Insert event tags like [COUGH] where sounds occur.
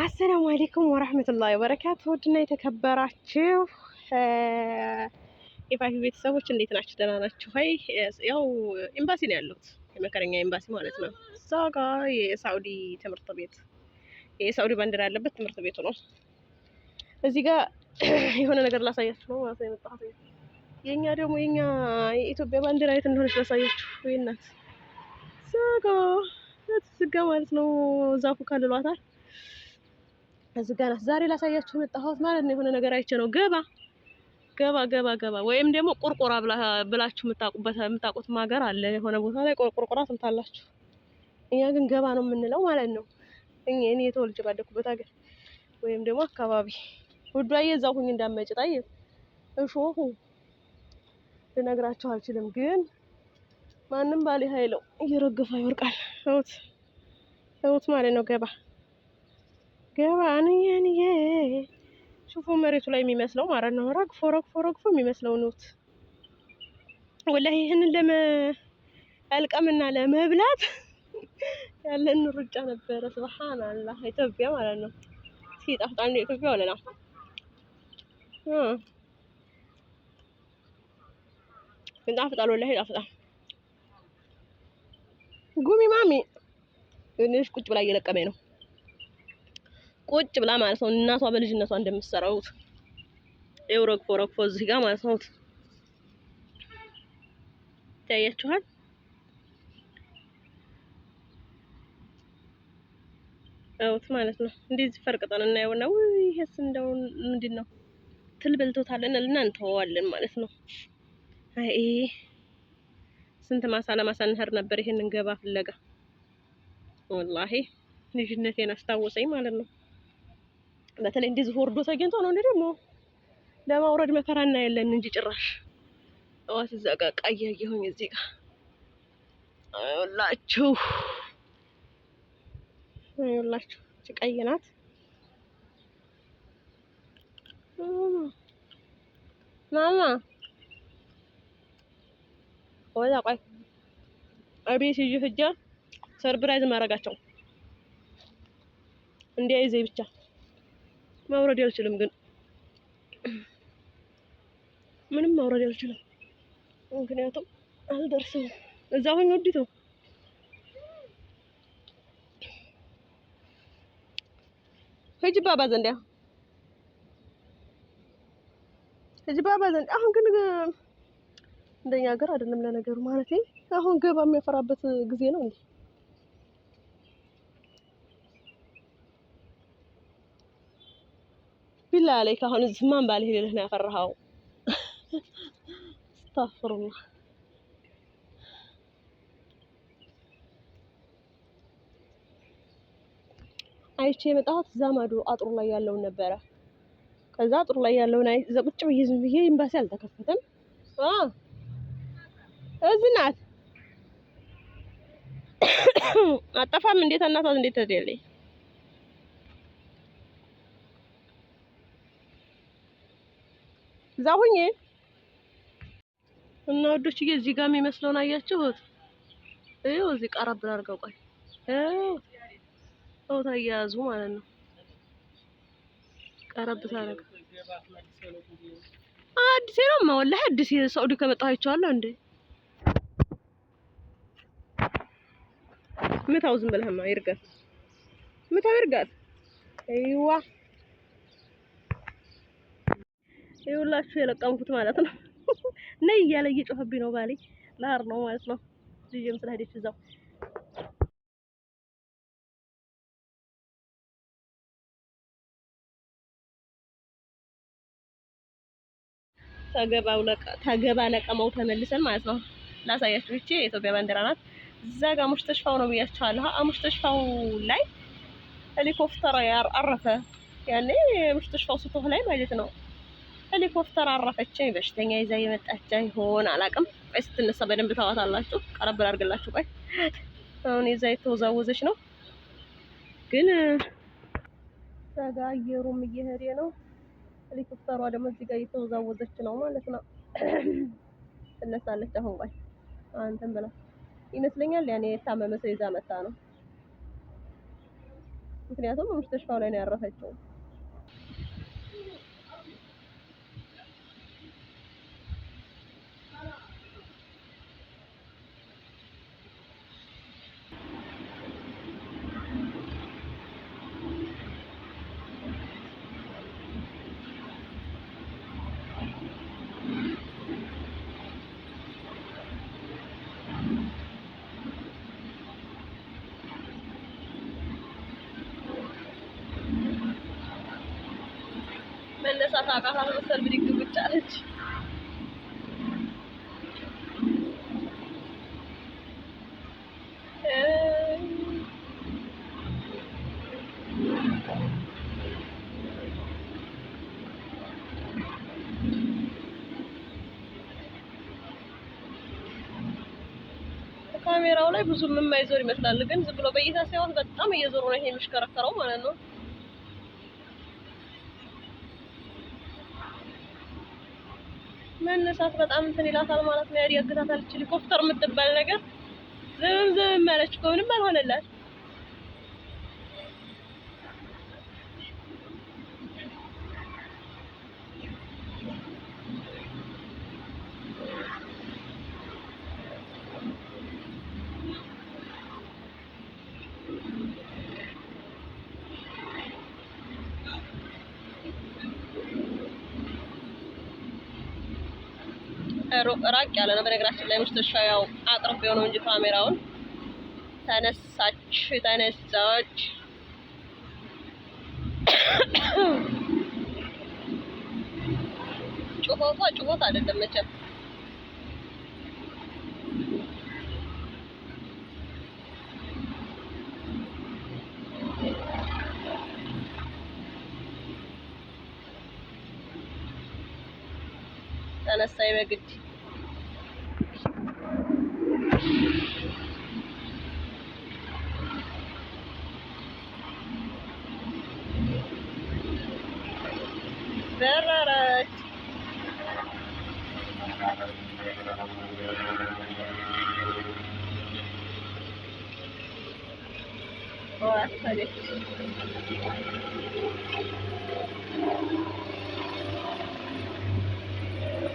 አሰላሙ አሌይኩም ወረህመቱላሂ ወበረካቱህ። ውድና የተከበራችሁ የፋፊ ቤተሰቦች እንዴት ናችሁ? ደህና ናችሁ? ሀይ ያው ኤምባሲ ነው ያሉት የመከረኛ ኤምባሲ ማለት ነው። እዛ ጋ የሳኡዲ ትምህርት ቤት የሳኡዲ ባንዲራ ያለበት ትምህርት ቤቱ ነው። እዚህ ጋር የሆነ ነገር ላሳያችሁ ነው ማለት ነው የመጣሁት። የእኛ ደግሞ የእኛ የኢትዮጵያ ባንዲራ የት እንደሆነች ላሳያችሁ። ይናት እዛ ጋ ማለት ነው ዛፉ ካልሏታል። እዚህ ጋር ዛሬ ላሳያችሁ መጣሁት ማለት ነው። የሆነ ነገር አይቼ ነው ገባ ገባ ገባ ገባ ወይም ደግሞ ቆርቆራ ብላችሁ የምታውቁበት የምታውቁት ማገር አለ። የሆነ ቦታ ላይ ቆርቆራ ትምታላችሁ። እኛ ግን ገባ ነው የምንለው ማለት ነው። እኔ እኔ የተወልጄ ባደኩበት ሀገር ወይም ደግሞ አካባቢ ውዷዬ እዛው ሁኝ እንዳመጭ ጣይ እሾሁ ልነግራችሁ አልችልም። ግን ማንም ባሌ ኃይለው እየረገፈ ይወርቃል። እውት እውት ማለት ነው ገባ ገባንያንዬ ሽፉ መሬቱ ላይ የሚመስለው ማለት ነው። ረግፎ ረግፎ ረግፎ የሚመስለው ኑት ወላሂ ይህንን ለመልቀምና ለመብላት ያለን ሩጫ ነበረ። ስብሓንላህ ኢትዮጵያ ማለት ነው ሲጣፍጣል ኢትዮጵያ ወለላ ይጣፍጣል፣ ወላሂ ይጣፍጣል። ጉሚ ማሚ ትንሽ ቁጭ ብላ እየለቀመ ነው። ቁጭ ብላ ማለት ነው። እናቷ በልጅነቷ እንደምትሰራውት ይኸው ረግፎ ረግፎ እዚህ ጋር ማለት ነው ይታያችኋል። አውት ማለት ነው እንደዚህ ፈርቅጠን ነው። ይሄስ እንደው ምንድን ነው ትል በልቶታለን እና እንተወዋለን ማለት ነው። አይ ስንት ማሳ ለማሳነር ነበር ይሄንን ገባ ፍለጋ ወላሂ ልጅነቴን አስታወሰኝ ማለት ነው። በተለይ እንደዚህ ወርዶ ተገኝቶ ነው እንዴ ደግሞ ለማውረድ መከራ እና የለን እንጂ ጭራሽ እዋት እዛ ጋር ቀያየሁኝ ይሁን እዚህ ጋር አይወላችሁ አይወላችሁ ቀይ ናት። ማማ ወላ ቆይ አቤት ይጅ ፍጃ ሰርፕራይዝ ማድረጋቸው እንዲያይዘኝ ብቻ ማውረድ አልችልም፣ ግን ምንም ማውረድ አልችልም። ምክንያቱም አልደርስም። እዛ ሆኝ ወዲቶ ሂጂ ባባ ዘንዲያ ሂጂ ባባ ዘንድ። አሁን ግን እንደኛ ሀገር አይደለም ለነገሩ። ማለት አሁን ገባ የሚያፈራበት ጊዜ ነው እንዴ? ቢላ ላይ ካሁን ዝማን ባል ሄደህ ነው ያፈራኸው። አስተፍሩላህ አይቼ የመጣሁት እዛ ማዶ አጥሩ ላይ ያለውን ነበረ። ከዛ አጥሩ ላይ ያለውን አይ እዛ ቁጭ ብዬ ዝም ብዬ ኤምባሲ አልተከፈተም። እዚህ ናት አጠፋም። እንዴት እናቷ እንዴት ተደለይ እዛ ሁኚ እና ወዶች ይሄ እዚህ ጋር የሚመስለውን አያችሁት? ይኸው እዚህ ቀረብ ብላ አድርገው ቆይ ሰው ታያያዙ ማለት ነው። ቀረብ ታረግ አዲስ ነው ወላሂ አዲስ ሳውዲ ከመጣሁ አይቼዋለሁ እንዴ ምታው ዝም ብለህማ ይርጋት ምታው ይርጋት አይዋ ይኸውላችሁ የለቀምኩት ማለት ነው። [LAUGHS] ነይ እያለ እየጮኸብኝ ነው ባሌ ላር ነው ማለት ነው። ልጅም ስለሄደች እዛው ተገባ ለቀመው ተመልሰን ማለት ነው። ላሳያችሁ እቺ የኢትዮጵያ ባንዲራ ናት። እዛ ጋር ሙሽ ተሽፋው ነው ብያችኋለሁ። ሙሽ ተሽፋው ላይ ሄሊኮፕተር አረፈ። ያኔ ሙሽ ተሽፋው ላይ ማለት ነው ሄሊኮፕተር አረፈችኝ። በሽተኛ ይዛ የመጣች አይሆን አላውቅም። ቆይ ስትነሳ በደንብ ታዋታላችሁ። ቀረብ ላድርግላችሁ። ቆይ አሁን ይዛ የተወዛወዘች ነው፣ ግን ዛጋ አየሩም እየሄደ ነው። ሄሊኮፕተሯ ደግሞ እዚህ ጋር እየተወዛወዘች ነው ማለት ነው። ትነሳለች አሁን። ቆይ አንተም ብላ ይመስለኛል ያኔ የታመመ ሰው ይዛ መታ ነው። ምክንያቱም ምሽተሽፋው ላይ ነው ያረፈችው። መነሳት አቃታት መሰል ብድግ ቁጭ አለች። ካሜራው ላይ ብዙ የማይዞር ይመስላል፣ ግን ዝም ብሎ በእይታ ሲያዩት በጣም እየዞሩ ነው ይሄ የሚሽከረከረው ማለት ነው። መነሳት በጣም እንትን ይላታል ማለት ነው። ይችላል ሄሊኮፕተር የምትባል ነገር ዝም ዝም ማለች እኮ ምንም አልሆነላት። ራቅ ያለ ነው። በነገራችን ላይ መስተሻ ያው አቅርቤው የሆነው እንጂ ካሜራውን ተነሳች ተነሳች። [COUGHS] ጩኸቷ ጩኸት አይደለም መቼም ተነሳይ በግድ በረረች። ዋሰለች